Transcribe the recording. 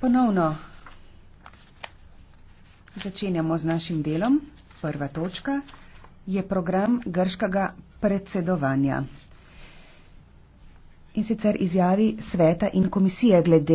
ponovno začenjamo z našim delom prva točka je program grškega predsedovanja in sicer izjavi sveta in komisije glede